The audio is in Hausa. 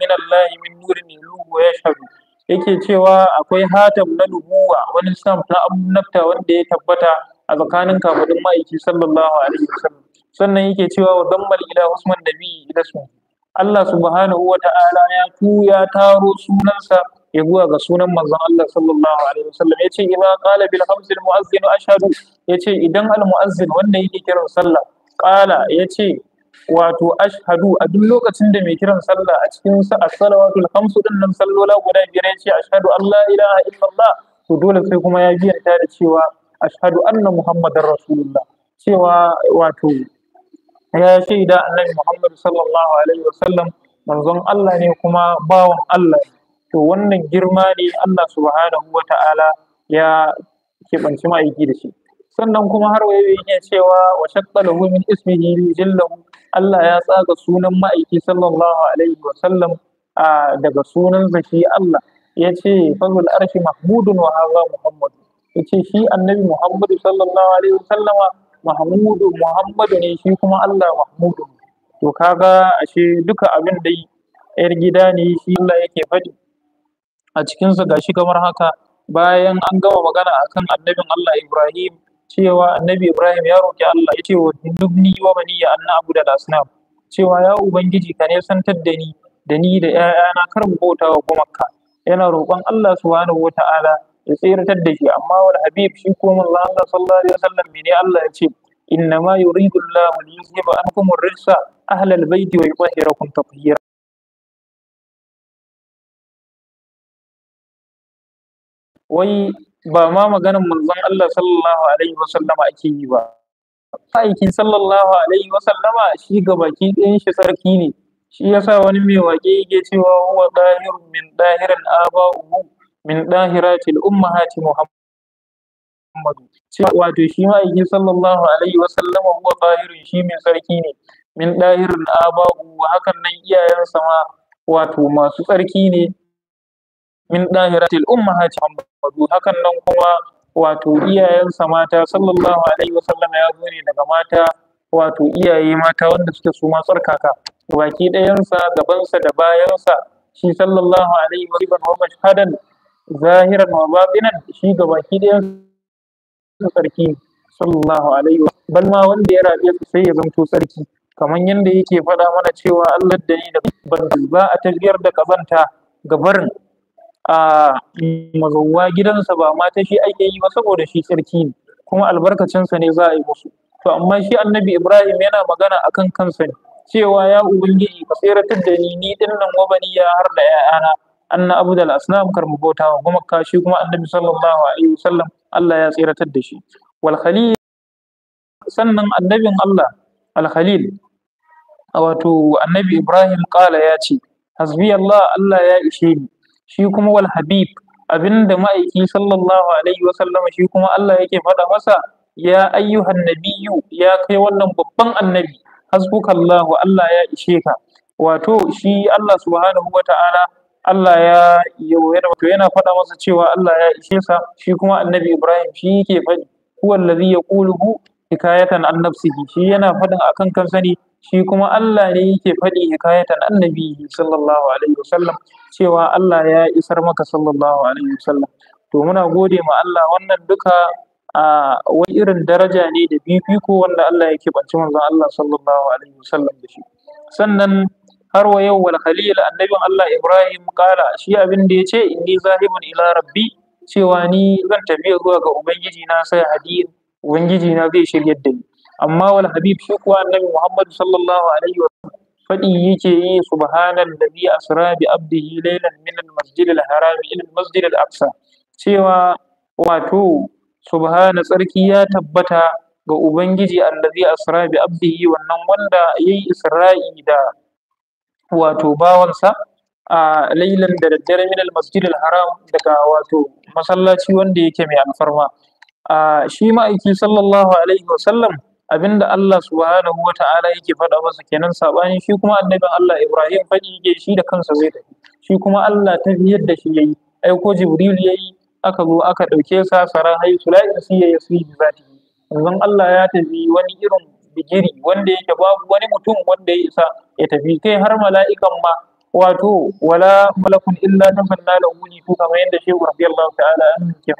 min Allah min nurin yuluhu wa yashhadu yake cewa akwai hatam na nubuwa wani sam na annabta wanda ya tabbata a tsakanin kafadin ma'aiki sallallahu alaihi wasallam sannan yake cewa wa dammal ila usman nabi ila su Allah subhanahu wa ta'ala ya tuya taro sunansa ya zuwa ga sunan manzon Allah sallallahu alaihi wasallam yace idza qala bil hamzil muazzin ashhadu yace idan al muazzin wanda yake kiran sallah qala yace wato ashhadu a duk lokacin da mai kiran sallah a cikin sa as-salawatul khamsu din nan sallola guda biyar ya ce ashhadu an la ilaha illallah to dole sai kuma ya biyanta da cewa ashhadu anna muhammadar rasulullah cewa wato ya shaida annabi muhammad sallallahu alaihi wasallam manzon Allah ne kuma bawan Allah to wannan girma ne Allah subhanahu wa ta'ala ya keɓanci ma'aiki da shi sannan kuma har wayo yake cewa wa shaqalahu min ismihi jillahu Allah ya tsaga sunan ma'aiki sallallahu alaihi wa sallam daga sunan shi Allah ya ce fazul arshi mahmudun wa haza muhammad ya ce shi annabi muhammadu sallallahu alaihi wa sallama mahmudu muhammadu ne shi kuma Allah mahmudu to kaga ashe duka abin da yar gida ne shi Allah yake faɗi a cikinsa gashi kamar haka bayan an gama magana akan annabin Allah Ibrahim cewa annabi Ibrahim ya roki Allah ya ce wa dubni wa baniya an na'budu da asnam cewa ya ubangiji ka ne da ni da ni da ƴaƴana kar mu bauta wa gumakka yana roƙon Allah subhanahu wata'ala ya tsiratar da shi amma wal habib shi ko mun Allah sallallahu alaihi wasallam mene Allah ya ce inna ma yuridu Allah an yuzhiba ankum ar-rijsa ahla al-bayti wa yutahhirakum tatheera wai ba ma maganan manzon Allah sallallahu alaihi wasallama ake yi ba aikin sallallahu alaihi wasallama shi gabaki, baki shi sarki ne shi yasa wani mai wake, yake cewa huwa dahirun min Aba, aba'uhu min dahiratil ummahati muhammadu wato shi ma'aikin sallallahu alaihi wasallama huwa dahirun shi mai sarki ne min dahirin aba'uhu hakan nan iyayensa ma wato masu tsarki ne min dahiratil ummahati muhammadu Muhammadu hakan nan kuma wato iyayensa mata sallallahu alaihi wasallam ya zo ne daga mata wato iyaye mata wanda suke su ma tsarkaka baki ɗayansa gabansa da bayansa shi sallallahu alaihi wa sallam wa mashhadan zahiran wa batinan shi gabaki ɗayansa sarki sallallahu alaihi wasallam bal ma wanda ya rabe su sai ya zanto tsarki kamar yadda yake faɗa mana cewa Allah da ni da ban ba a tafiyar da kazanta gabarin a magauwa gidansa ba ma ta shi ake yi ba saboda shi sarki ne kuma albarkacinsa ne za a yi musu to amma shi annabi ibrahim yana magana akan kansa ne cewa ya ubangiji ka tseratar da ni ni din nan wa ya har da ya'yana anna abdul asnam kar mu bauta wa kuma ka shi kuma annabi sallallahu alaihi wasallam Allah ya tseratar da shi wal khalil sannan annabin Allah al khalil wato annabi ibrahim kala ya ce hasbi Allah Allah ya ishe ni shi kuma wal habib abinda ma'aiki sallallahu alaihi wa shi kuma Allah yake faɗa masa ya ayyuhan nabiyyu ya kai wannan babban annabi hasbukallahu Allah ya ishe ka wato shi Allah subhanahu wa Allah ya wato yana faɗa masa cewa Allah ya ishe sa shi kuma annabi Ibrahim shi yake faɗi huwa allazi yaquluhu hikayatan an nafsihi shi yana faɗin akan kansa ne shi kuma Allah ne yake faɗi hikayatan annabi sallallahu alaihi wa sallam cewa Allah ya isar maka sallallahu alaihi wasallam to muna gode ma Allah wannan duka a wani irin daraja ne da fifiko wanda Allah ya kibanci manzon Allah sallallahu alaihi wasallam da shi sannan har wa yau wal khalil annabin Allah Ibrahim kala shi abin da yace inni zahibun ila rabbi cewa ni zan tafi zuwa ga ubangiji na sai hadin ubangiji na zai shiryar da ni amma wal habib shi kuwa annabi Muhammad sallallahu alaihi wasallam faɗi yake yi subhanallazi asra bi abdihi laylan min al-masjid al-haram ila al-masjid al-aqsa cewa wato subhana tsarki ya tabbata ga ubangiji allazi asra bi abdihi wannan wanda yayi isra'i da wato bawansa a lailan da daddare min al-masjid al-haram daga wato masallaci wanda yake mai alfarma a shi ma'aiki sallallahu alaihi wa sallam. Abin da Allah subhanahu wa ta'ala yake faɗa masa kenan sabani shi kuma annabin Allah Ibrahim faɗi yake shi da kansa zai tafi shi kuma Allah ta fi yadda shi yayi ai ko Jibril yayi aka zo aka ɗauke sa saran hai sulai shi yayi su bi zati manzon Allah ya tafi wani irin bigiri wanda yake babu wani mutum wanda ya isa ya tafi kai har mala'ikan ma wato wala malakun illa tafanna lahu ni kamar yadda Shehu Allah ta'ala an ke